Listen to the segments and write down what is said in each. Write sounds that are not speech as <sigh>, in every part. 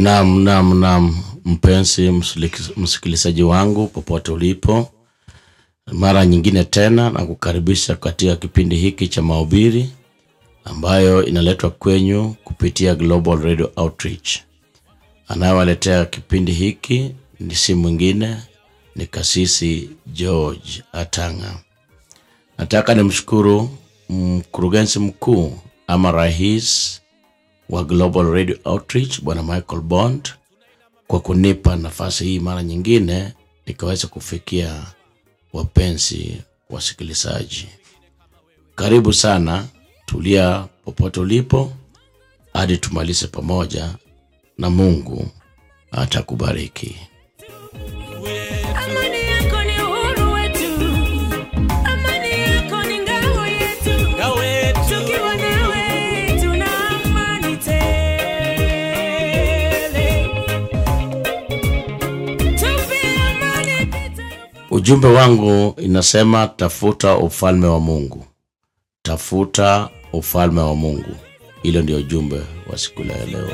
Naam, naam, naam, mpenzi msikilizaji wangu popote ulipo, mara nyingine tena na kukaribisha katika kipindi hiki cha mahubiri ambayo inaletwa kwenyu kupitia Global Radio Outreach. Anayewaletea kipindi hiki ni si mwingine, ni Kasisi George Atanga. Nataka nimshukuru mkurugenzi mkuu ama rais wa Global Radio Outreach Bwana Michael Bond kwa kunipa nafasi hii mara nyingine nikaweza kufikia wapenzi wasikilizaji. Karibu sana, tulia popote ulipo hadi tumalize pamoja, na Mungu atakubariki. Ujumbe wangu inasema tafuta ufalme wa Mungu, tafuta ufalme wa Mungu. Hilo ndio ujumbe wa siku ya leo.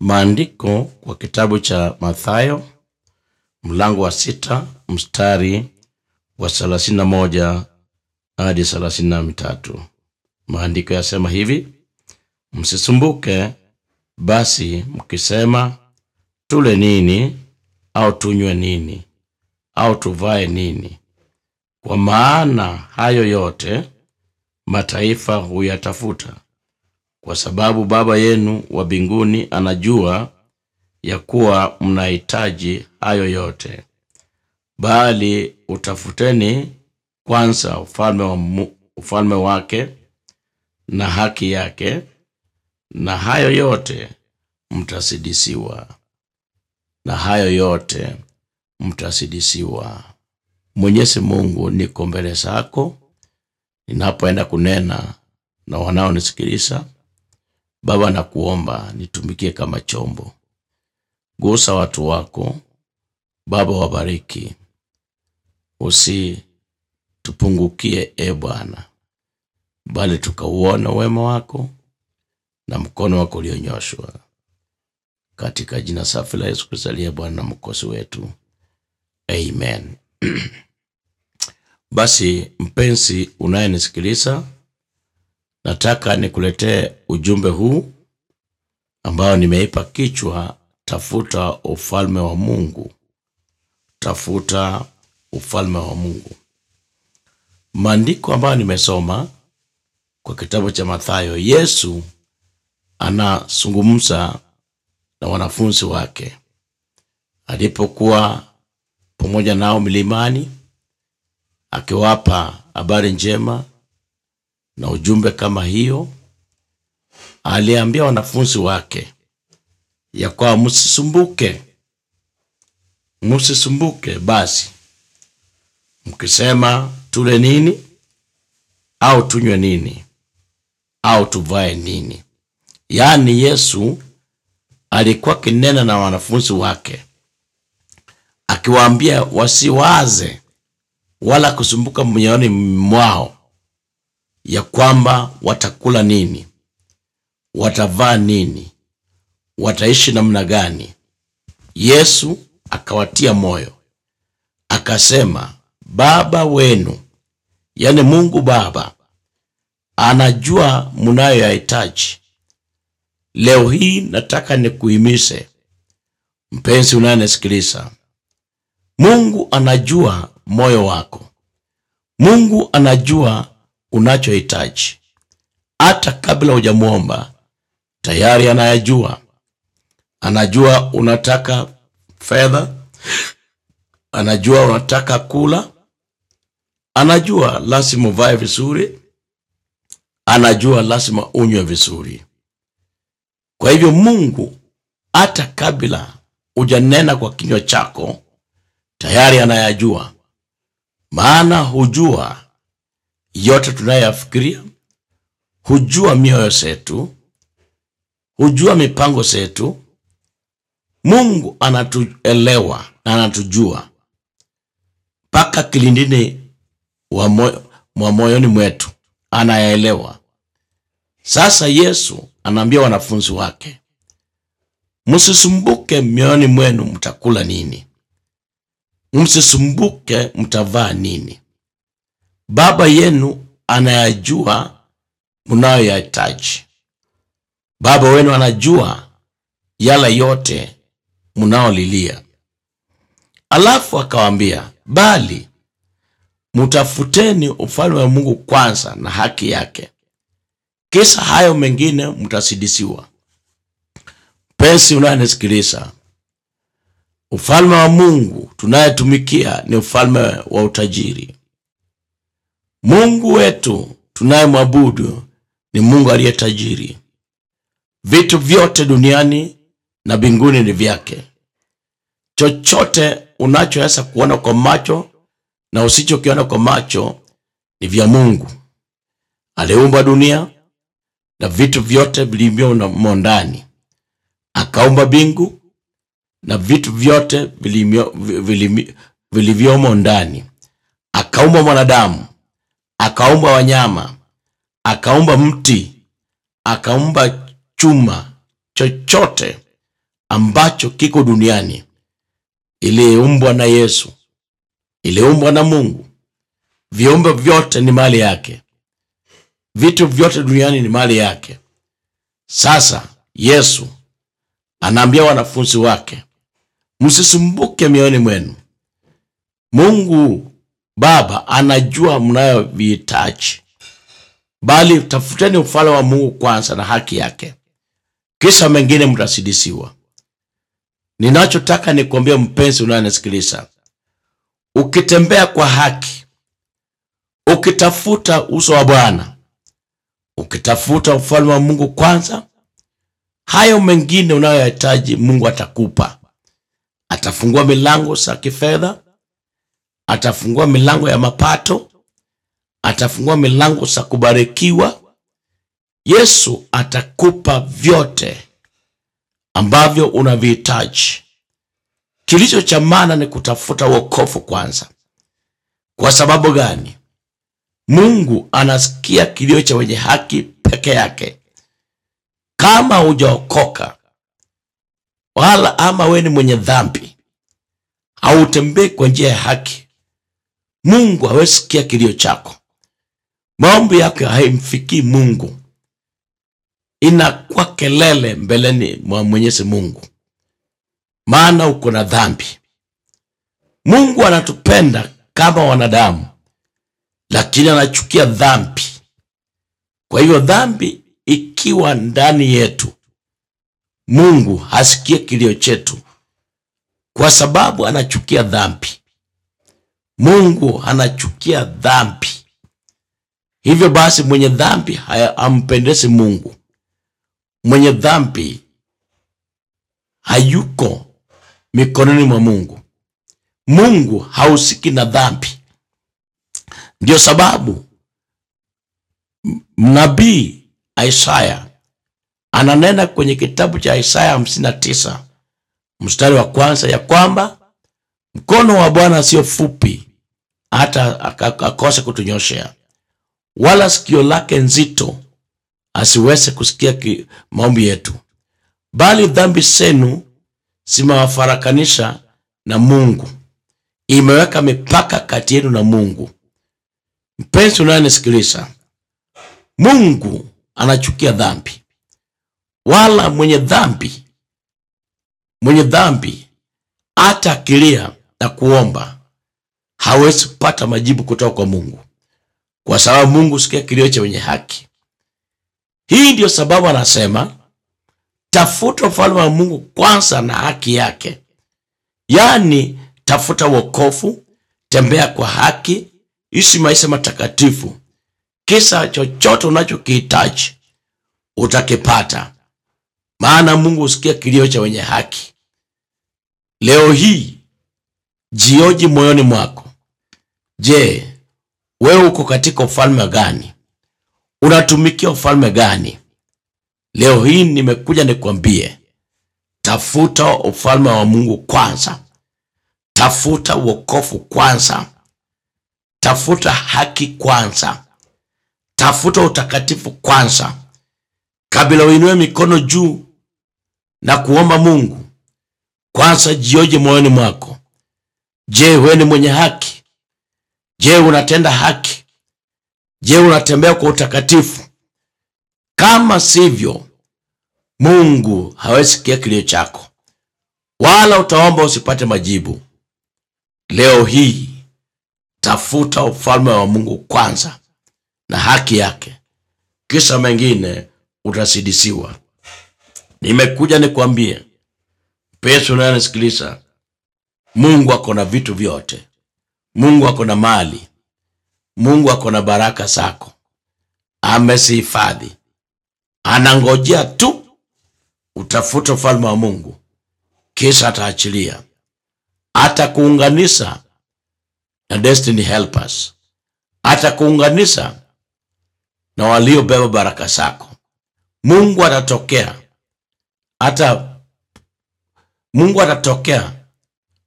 Maandiko kwa kitabu cha Mathayo mlango wa sita mstari wa 31 hadi thelathini na mitatu. Maandiko yasema hivi: msisumbuke basi mkisema, tule nini au tunywe nini au tuvae nini? Kwa maana hayo yote mataifa huyatafuta, kwa sababu Baba yenu wa mbinguni anajua ya kuwa mnahitaji hayo yote. Bali utafuteni kwanza ufalme, wa ufalme wake na haki yake, na hayo yote mtasidisiwa, na hayo yote mtasidisiwa. Mwenyezi Mungu, niko mbele zako ninapoenda kunena na wanaonisikiliza. Baba, nakuomba nitumikie kama chombo. Gusa watu wako Baba, wabariki, usi tupungukie, e Bwana, bali tukauona wema wako na mkono wako ulionyoshwa, katika jina safi la Yesu Kristo aliye Bwana na mkosi wetu, amen. <clears throat> Basi mpenzi unayenisikiliza, nataka nikuletee ujumbe huu ambao nimeipa kichwa, tafuta ufalme wa Mungu, tafuta ufalme wa Mungu. Maandiko ambayo nimesoma kwa kitabu cha Mathayo, Yesu anazungumza na wanafunzi wake alipokuwa pamoja nao milimani, akiwapa habari njema na ujumbe kama hiyo. Aliambia wanafunzi wake ya kwamba msisumbuke, msisumbuke basi mkisema tule nini au tunywe nini au tuvae nini? Yaani Yesu alikuwa kinena na wanafunzi wake akiwaambia wasiwaze wala kusumbuka mioyoni mwao ya kwamba watakula nini, watavaa nini, wataishi namna gani. Yesu akawatia moyo akasema, Baba wenu yaani Mungu Baba anajua munayoyahitaji Leo hii nataka nikuhimize mpenzi unayenisikiliza, Mungu anajua moyo wako. Mungu anajua unachohitaji hata kabla hujamwomba, tayari anayajua. Anajua unataka fedha, anajua unataka kula, Anajua lazima uvae vizuri, anajua lazima unywe vizuri. Kwa hivyo Mungu hata kabla hujanena kwa kinywa chako tayari anayajua, maana hujua yote tunayoyafikiria, hujua mioyo zetu, hujua mipango zetu. Mungu anatuelewa na anatujua mpaka kilindini mwa moyoni mwetu, anayaelewa. Sasa Yesu anaambia wanafunzi wake, msisumbuke mioyoni mwenu, mtakula nini? Msisumbuke mtavaa nini? Baba yenu anayajua mnayoyahitaji. Baba wenu anajua yala yote mnaolilia. Alafu akawaambia, bali mutafuteni ufalme wa Mungu kwanza na haki yake, kisa hayo mengine mtasidisiwa Pesi unayenisikiliza, ufalme wa Mungu tunayetumikia ni ufalme wa utajiri. Mungu wetu tunayemwabudu ni Mungu aliye tajiri. Vitu vyote duniani na binguni ni vyake. Chochote unachoweza kuona kwa macho na usichokiona kwa macho ni vya Mungu. Aliumba dunia na vitu vyote vilivyomo ndani, akaumba bingu na vitu vyote vilivyomo ndani, akaumba mwanadamu, akaumba wanyama, akaumba mti, akaumba chuma, chochote ambacho kiko duniani iliumbwa na Yesu iliumbwa na Mungu. Viumbe vyote ni mali yake, vitu vyote duniani ni mali yake. Sasa Yesu anaambia wanafunzi wake, msisumbuke mioyoni mwenu. Mungu Baba anajua mnayovihitaji, bali tafuteni ufalme wa Mungu kwanza na haki yake, kisha mengine mtasidisiwa Ninachotaka ni kuambia mpenzi unayenisikiliza Ukitembea kwa haki, ukitafuta uso wa Bwana, ukitafuta ufalme wa Mungu kwanza, hayo mengine unayoyahitaji Mungu atakupa. Atafungua milango za kifedha, atafungua milango ya mapato, atafungua milango za kubarikiwa. Yesu atakupa vyote ambavyo unavihitaji. Kilicho cha maana ni kutafuta wokovu kwanza. Kwa sababu gani? Mungu anasikia kilio cha wenye haki peke yake. Kama hujaokoka wala ama we ni mwenye dhambi, hautembei kwa njia ya haki, Mungu hawezi sikia kilio chako. Maombi yako haimfikii Mungu, inakuwa kelele mbeleni mwa Mwenyezi Mungu maana uko na dhambi. Mungu anatupenda kama wanadamu, lakini anachukia dhambi. Kwa hivyo dhambi ikiwa ndani yetu, Mungu hasikie kilio chetu, kwa sababu anachukia dhambi. Mungu anachukia dhambi. Hivyo basi, mwenye dhambi hampendezi Mungu. Mwenye dhambi hayuko mikononi mwa Mungu. Mungu hausiki na dhambi. ndio sababu nabii Isaya ananena kwenye kitabu cha Isaya hamsini tisa mstari wa kwanza ya kwamba mkono wa Bwana sio fupi hata akose kutunyoshea, wala sikio lake nzito asiweze kusikia maombi yetu, bali dhambi zenu zimewafarakanisha na Mungu, imeweka mipaka kati yenu na Mungu. Mpenzi unayenisikiliza, Mungu anachukia dhambi, wala mwenye dhambi mwenye dhambi hata akilia na kuomba hawezi kupata majibu kutoka kwa Mungu, kwa sababu Mungu sikia kilio cha wenye haki. Hii ndiyo sababu anasema tafuta ufalme wa Mungu kwanza na haki yake, yaani tafuta wokovu, tembea kwa haki, ishi maisha matakatifu, kisa chochote unachokihitaji utakipata, maana Mungu husikia kilio cha wenye haki. Leo hii jioji moyoni mwako, je, wewe uko katika ufalme gani? Unatumikia ufalme gani? Leo hii nimekuja nikwambie, tafuta ufalme wa Mungu kwanza, tafuta wokovu kwanza, tafuta haki kwanza, tafuta utakatifu kwanza, kabla uinue mikono juu na kuomba Mungu. Kwanza jioje moyoni mwako. Je, wewe ni mwenye haki? Je, unatenda haki? Je, unatembea kwa utakatifu? Kama sivyo, Mungu hawezi sikia kilio chako, wala utaomba usipate majibu. Leo hii tafuta ufalme wa Mungu kwanza na haki yake, kisha mengine utasidisiwa. Nimekuja nikwambie, mpenzi unayonisikiliza, Mungu ako na vitu vyote. Mungu ako na mali, Mungu ako na baraka zako, amesihifadhi anangojea tu utafuta ufalme wa Mungu, kisha ataachilia, atakuunganisha na destiny helpers, atakuunganisha na waliobeba baraka zako. Mungu atatokea hata Mungu atatokea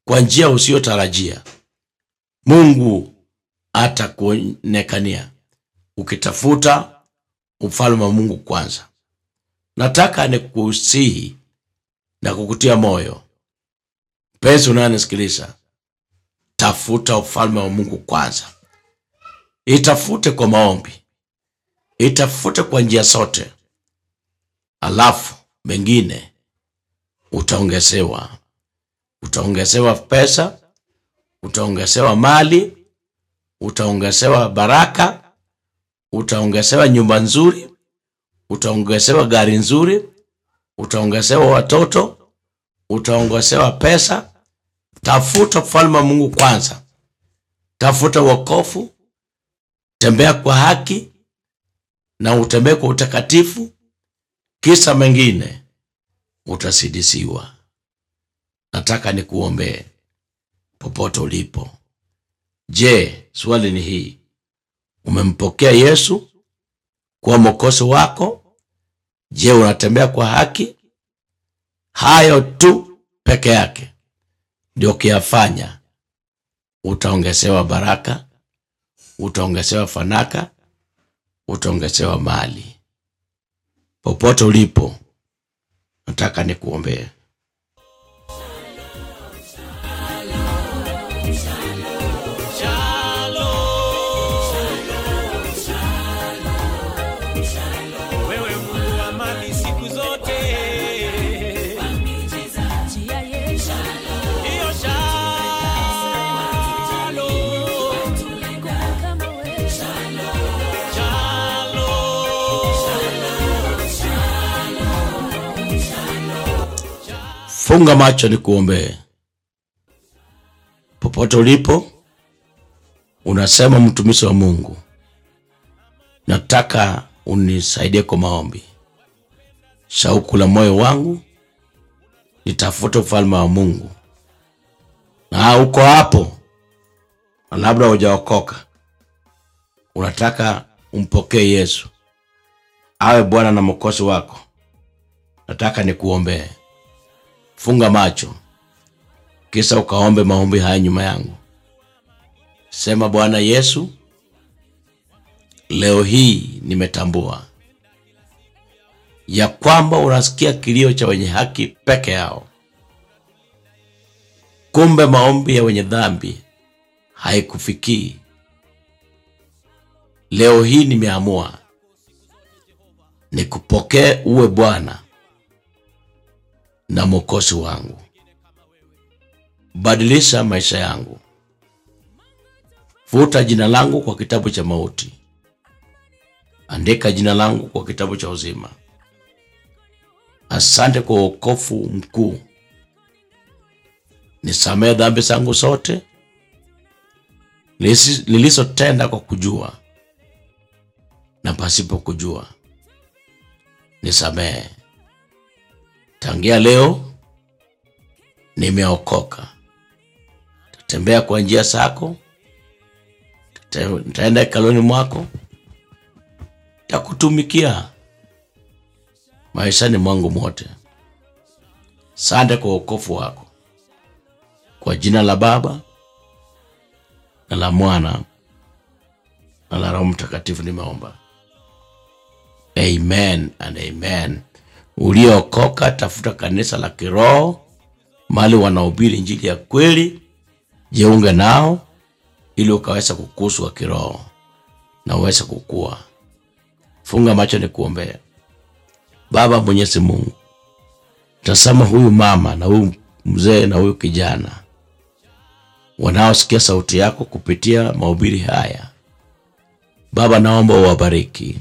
kwa njia usiyotarajia. Mungu atakuonekania ukitafuta ufalme wa Mungu kwanza. Nataka nikusihi na kukutia moyo, mpenzi unayenisikiliza, tafuta ufalme wa Mungu kwanza. Itafute kwa maombi, itafute kwa njia zote, alafu mengine utaongezewa. Utaongezewa pesa, utaongezewa mali, utaongezewa baraka utaongezewa nyumba nzuri, utaongezewa gari nzuri, utaongezewa watoto, utaongezewa pesa. Tafuta ufalme wa Mungu kwanza, tafuta wokovu, tembea kwa haki na utembee kwa utakatifu, kisa mengine utasidisiwa. Nataka nikuombee popote ulipo. Je, swali ni hii: umempokea Yesu kuwa mwokozi wako? Je, unatembea kwa haki? Hayo tu peke yake ndio ukiyafanya, utaongezewa baraka, utaongezewa fanaka, utaongezewa mali. Popote ulipo, nataka nikuombee. Funga macho ni kuombee. Popote ulipo, unasema mtumishi wa Mungu, nataka unisaidie kwa maombi. Shauku la moyo wangu nitafute ufalme wa Mungu. Na uko hapo na labda hujaokoka, unataka umpokee Yesu awe Bwana na Mwokozi wako, nataka nikuombee funga macho, kisa ukaombe maombi haya nyuma yangu. Sema, Bwana Yesu, leo hii nimetambua ya kwamba unasikia kilio cha wenye haki peke yao. Kumbe maombi ya wenye dhambi haikufikii. Leo hii nimeamua nikupokee, uwe Bwana na Mwokozi wangu. Badilisha maisha yangu, futa jina langu kwa kitabu cha mauti, andika jina langu kwa kitabu cha uzima. Asante kwa wokovu mkuu, nisamehe dhambi zangu zote nilizotenda kwa kujua na pasipo kujua, nisamehe Tangia leo nimeokoka, tatembea kwa njia zako, nitaenda hekaluni mwako, takutumikia maishani mwangu mote. Sante kwa wokovu wako, kwa jina la Baba na la Mwana na la Roho Mtakatifu nimeomba, amen and amen uliokoka tafuta kanisa la kiroho, mali wanaohubiri injili ya kweli, jeunge nao ili ukaweza kukuswa kiroho na uweze kukua. Funga macho ni kuombea. Baba Mwenyezi Mungu, tazama huyu mama na huyu mzee na huyu kijana wanaosikia sauti yako kupitia mahubiri haya. Baba, naomba uwabariki,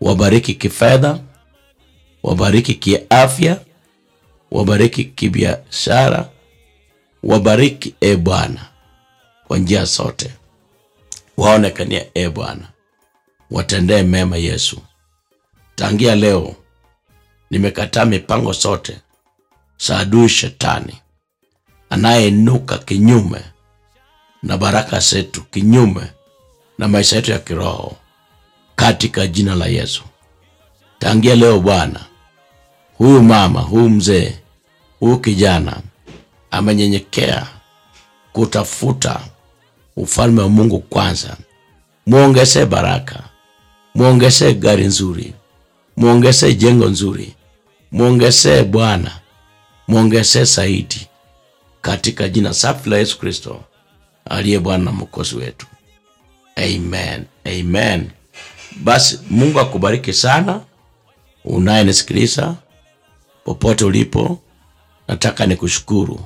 wabariki kifedha wabariki kiafya, wabariki kibiashara, wabariki e Bwana kwa njia zote, waonekania e Bwana, watendee mema Yesu. Tangia leo nimekataa mipango zote za adui shetani anayeinuka kinyume na baraka zetu, kinyume na maisha yetu ya kiroho, katika jina la Yesu. Tangia leo Bwana huyu mama, huyu mzee, huyu kijana amenyenyekea kutafuta ufalme wa Mungu kwanza, muongeze baraka, muongeze gari nzuri, muongeze jengo nzuri, muongeze Bwana, muongeze zaidi, katika jina safi la Yesu Kristo aliye Bwana na mwokozi wetu, amen, amen. Basi Mungu akubariki sana unayenisikiliza. Popote ulipo, nataka nikushukuru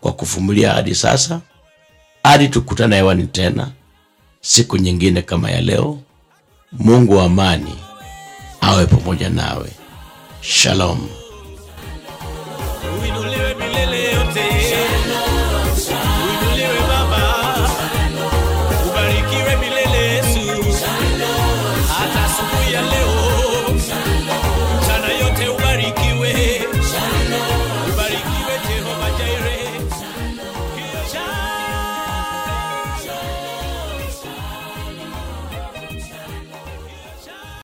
kwa kuvumilia hadi sasa, hadi tukutana hewani tena siku nyingine kama ya leo. Mungu wa amani awe pamoja nawe. Shalom.